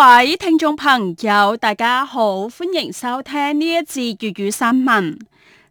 各位聽眾朋友，大家好，歡迎收聽呢一節粵語新聞。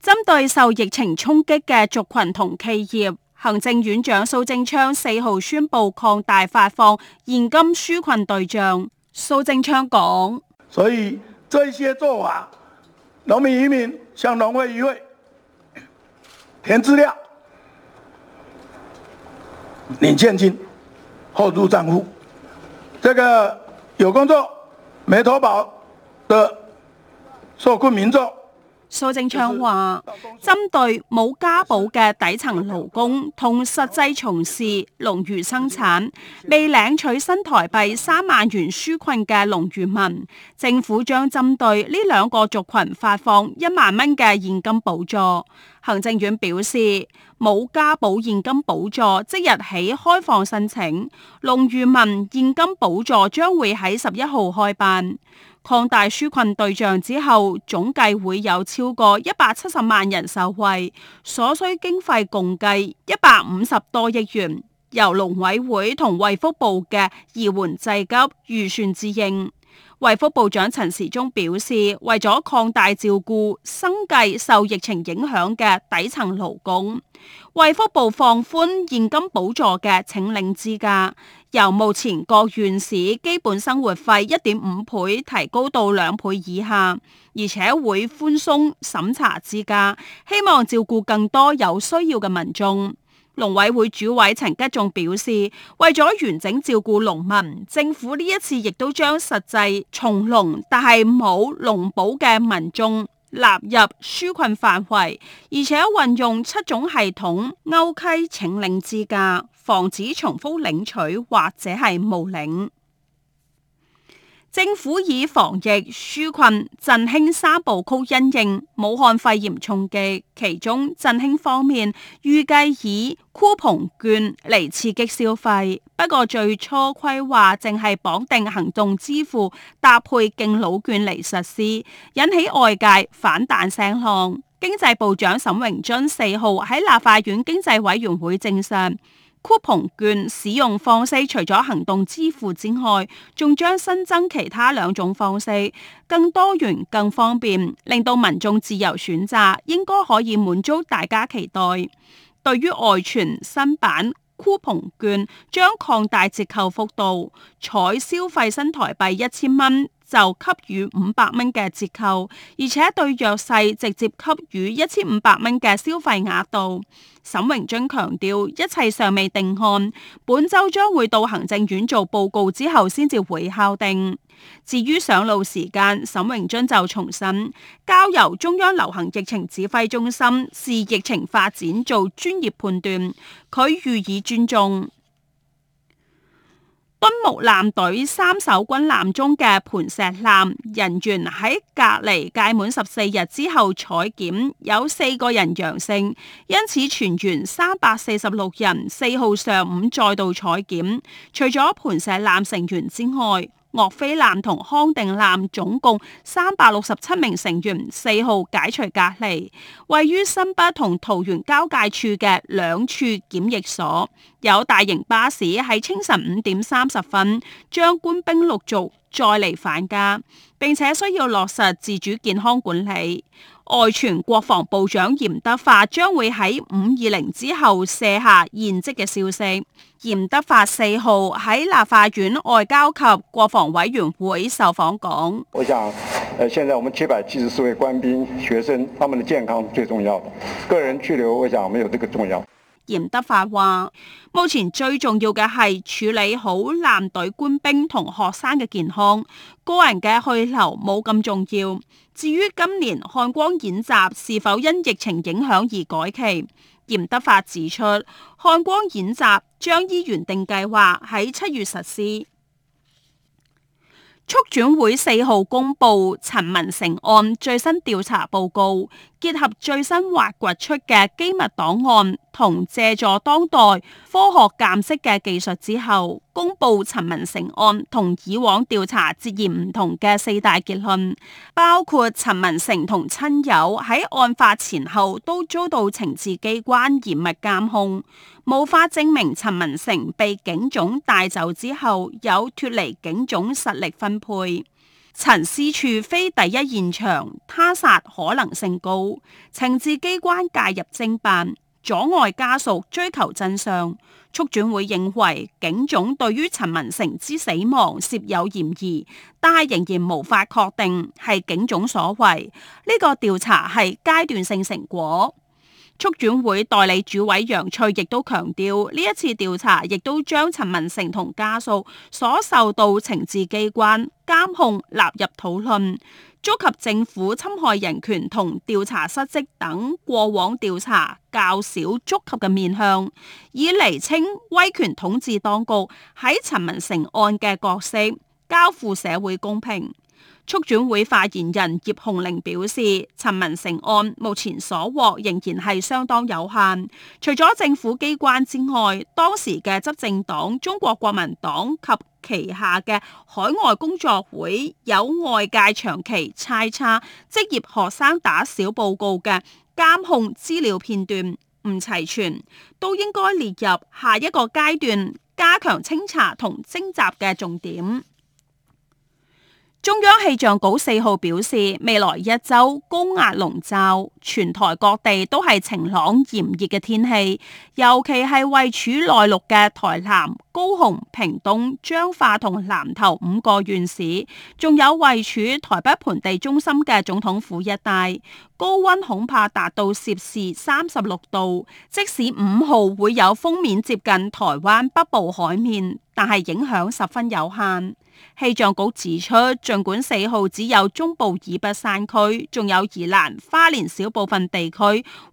針對受疫情衝擊嘅族群同企業，行政院長蘇貞昌四號宣布擴大發放現金紓困對象。蘇貞昌講：所以，這些做法，農民漁民向農會漁會填資料，領現金後入賬戶，這個。有工作、沒投保的受困民眾。蘇貞昌話，針對冇加保嘅底層勞工同實際從事農漁生產，未領取新台幣三萬元紓困嘅農漁民，政府將針對呢兩個族群發放一萬蚊嘅現金補助。行政院表示，冇加保現金補助即日起開放申請，農漁民現金補助將會喺十一號開辦。擴大紓困對象之後，總計會有超過一百七十萬人受惠，所需經費共計一百五十多億元，由農委會同衛福部嘅移緩濟急預算支應。衛福部長陳時中表示，為咗擴大照顧生計受疫情影響嘅底層勞工，衛福部放寬現金補助嘅請領資格。由目前各縣市基本生活費一點五倍提高到兩倍以下，而且會寬鬆審查資格，希望照顧更多有需要嘅民眾。農委會主委陳吉仲表示，為咗完整照顧農民，政府呢一次亦都將實際從農但係冇農保嘅民眾納入紓困範圍，而且運用七種系統勾稽請領資格。防止重複領取或者係冒領，政府以防疫紓困、振興三部曲因應武漢肺炎衝擊，其中振興方面預計以酷碰券嚟刺激消費，不過最初規劃淨係綁定行動支付搭配敬老券嚟實施，引起外界反彈聲浪。經濟部長沈榮津四號喺立法院經濟委員會證實。酷碰券使用方式除咗行動支付之外，仲將新增其他兩種方式，更多元、更方便，令到民眾自由選擇，應該可以滿足大家期待。對於外傳新版酷碰券，將擴大折扣幅度，採消費新台幣一千蚊，就給予五百蚊嘅折扣，而且對弱勢直接給予一千五百蚊嘅消費額度。沈榮津強調，一切尚未定案，本周將會到行政院做報告之後先至會敲定。至於上路時間，沈榮津就重申，交由中央流行疫情指揮中心視疫情發展做專業判斷，佢予以尊重。敦睦艦隊三艘軍艦中嘅磐石艦人員喺隔離屆滿十四日之後採檢，有四個人陽性，因此全員三百四十六人四號上午再度採檢，除咗磐石艦成員之外，岳飛艦同康定艦總共三百六十七名成員四號解除隔離，位於新北同桃園交界處嘅兩處檢疫所，有大型巴士喺清晨五點三十分將官兵陸續續再嚟返家，並且需要落實自主健康管理。外傳國防部長嚴德發將會喺五二零之後卸下現職嘅消息。嚴德發四號喺立法院外交及國防委員會受訪講：我想，誒，現在我們七百七十四位官兵、學生，他們的健康最重要的，的個人去留，我想沒有這個重要。嚴德發話：目前最重要嘅係處理好艦隊官兵同學生嘅健康，個人嘅去留冇咁重要。至於今年漢光演習是否因疫情影響而改期，嚴德發指出，漢光演習將依原定計劃喺七月實施。促轉會四號公佈陳文成案最新調查報告，結合最新挖掘出嘅機密檔案。同借助當代科學鑑識嘅技術之後，公布陳文成案同以往調查截然唔同嘅四大結論，包括陳文成同親友喺案發前後都遭到情治機關嚴密監控，無法證明陳文成被警總帶走之後有脫離警總實力分配。陳屍處非第一現場，他殺可能性高，情治機關介入偵辦。阻礙家屬追求真相，促轉會認為警總對於陳文成之死亡涉有嫌疑，但係仍然無法確定係警總所為。呢、這個調查係階段性成果。促轉會代理主委楊翠亦都強調，呢一次調查亦都將陳文成同家屬所受到情治機關監控納入討論。觸及政府侵害人權同調查失職等過往調查較少觸及嘅面向，以厘清威權統治當局喺陳文成案嘅角色，交付社會公平。促轉會發言人葉紅玲表示，陳文成案目前所獲仍然係相當有限，除咗政府機關之外，當時嘅執政黨中國國民黨及旗下嘅海外工作會有外界長期猜測，職業學生打小報告嘅監控資料片段唔齊全，都應該列入下一個階段加強清查同徵集嘅重點。中央氣象局四號表示，未來一周高壓籠罩，全台各地都係晴朗炎熱嘅天氣，尤其係位處內陸嘅台南、高雄、屏東、彰化同南投五個縣市，仲有位處台北盆地中心嘅總統府一帶，高溫恐怕達到攝氏三十六度。即使五號會有鋒面接近台灣北部海面，但係影響十分有限。氣象局指出，儘管四號只有中部以北山區，仲有宜蘭、花蓮小部分地區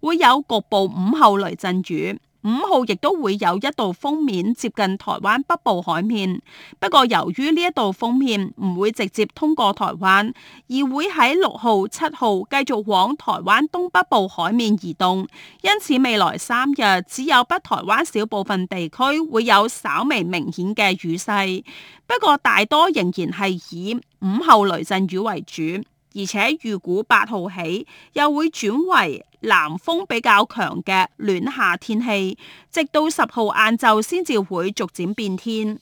會有局部午後雷陣雨。五號亦都會有一道鋒面接近台灣北部海面，不過由於呢一道鋒面唔會直接通過台灣，而會喺六號、七號繼續往台灣東北部海面移動，因此未來三日只有北台灣小部分地區會有稍微明顯嘅雨勢，不過大多仍然係以午後雷陣雨為主，而且預估八號起又會轉為。南風比較強嘅暖夏天氣，直到十號晏晝先至會逐漸變天。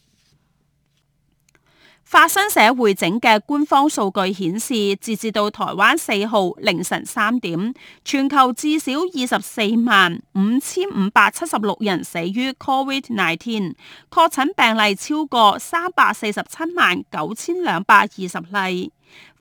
法新社匯整嘅官方數據顯示，截至到台灣四號凌晨三點，全球至少二十四萬五千五百七十六人死於 Covid-19，確診病例超過三百四十七萬九千兩百二十例。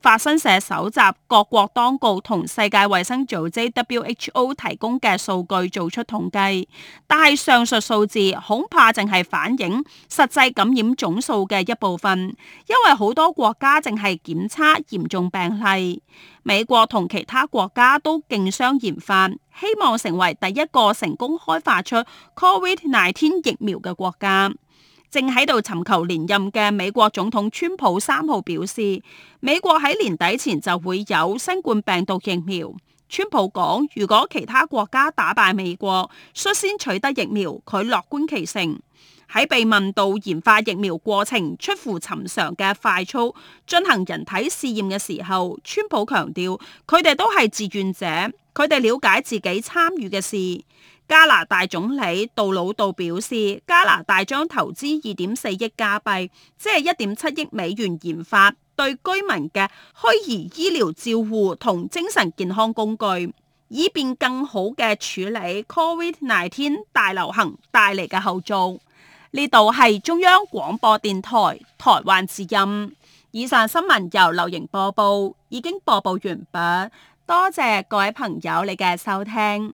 法新社蒐集各國當局同世界衛生組織 WHO 提供嘅數據，做出統計，但係上述數字恐怕淨係反映實際感染總數嘅一部分，因為好多國家淨係檢測嚴重病例。美國同其他國家都競相研發，希望成為第一個成功開發出 COVID-19 疫苗嘅國家。正喺度尋求連任嘅美國總統川普三號表示，美國喺年底前就會有新冠病毒疫苗。川普講，如果其他國家打敗美國，率先取得疫苗，佢樂觀其成。喺被問到研發疫苗過程出乎尋常嘅快速進行人體試驗嘅時候，川普強調，佢哋都係志願者，佢哋了解自己參與嘅事。加拿大總理杜魯道表示，加拿大將投資二點四億加幣，即係一點七億美元研發對居民嘅虛擬醫療照護同精神健康工具，以便更好嘅處理 Covid nineteen 大流行帶嚟嘅後造。呢度係中央廣播電台台灣之音。以上新聞由流瑩播報，已經播報完畢。多謝各位朋友你嘅收聽。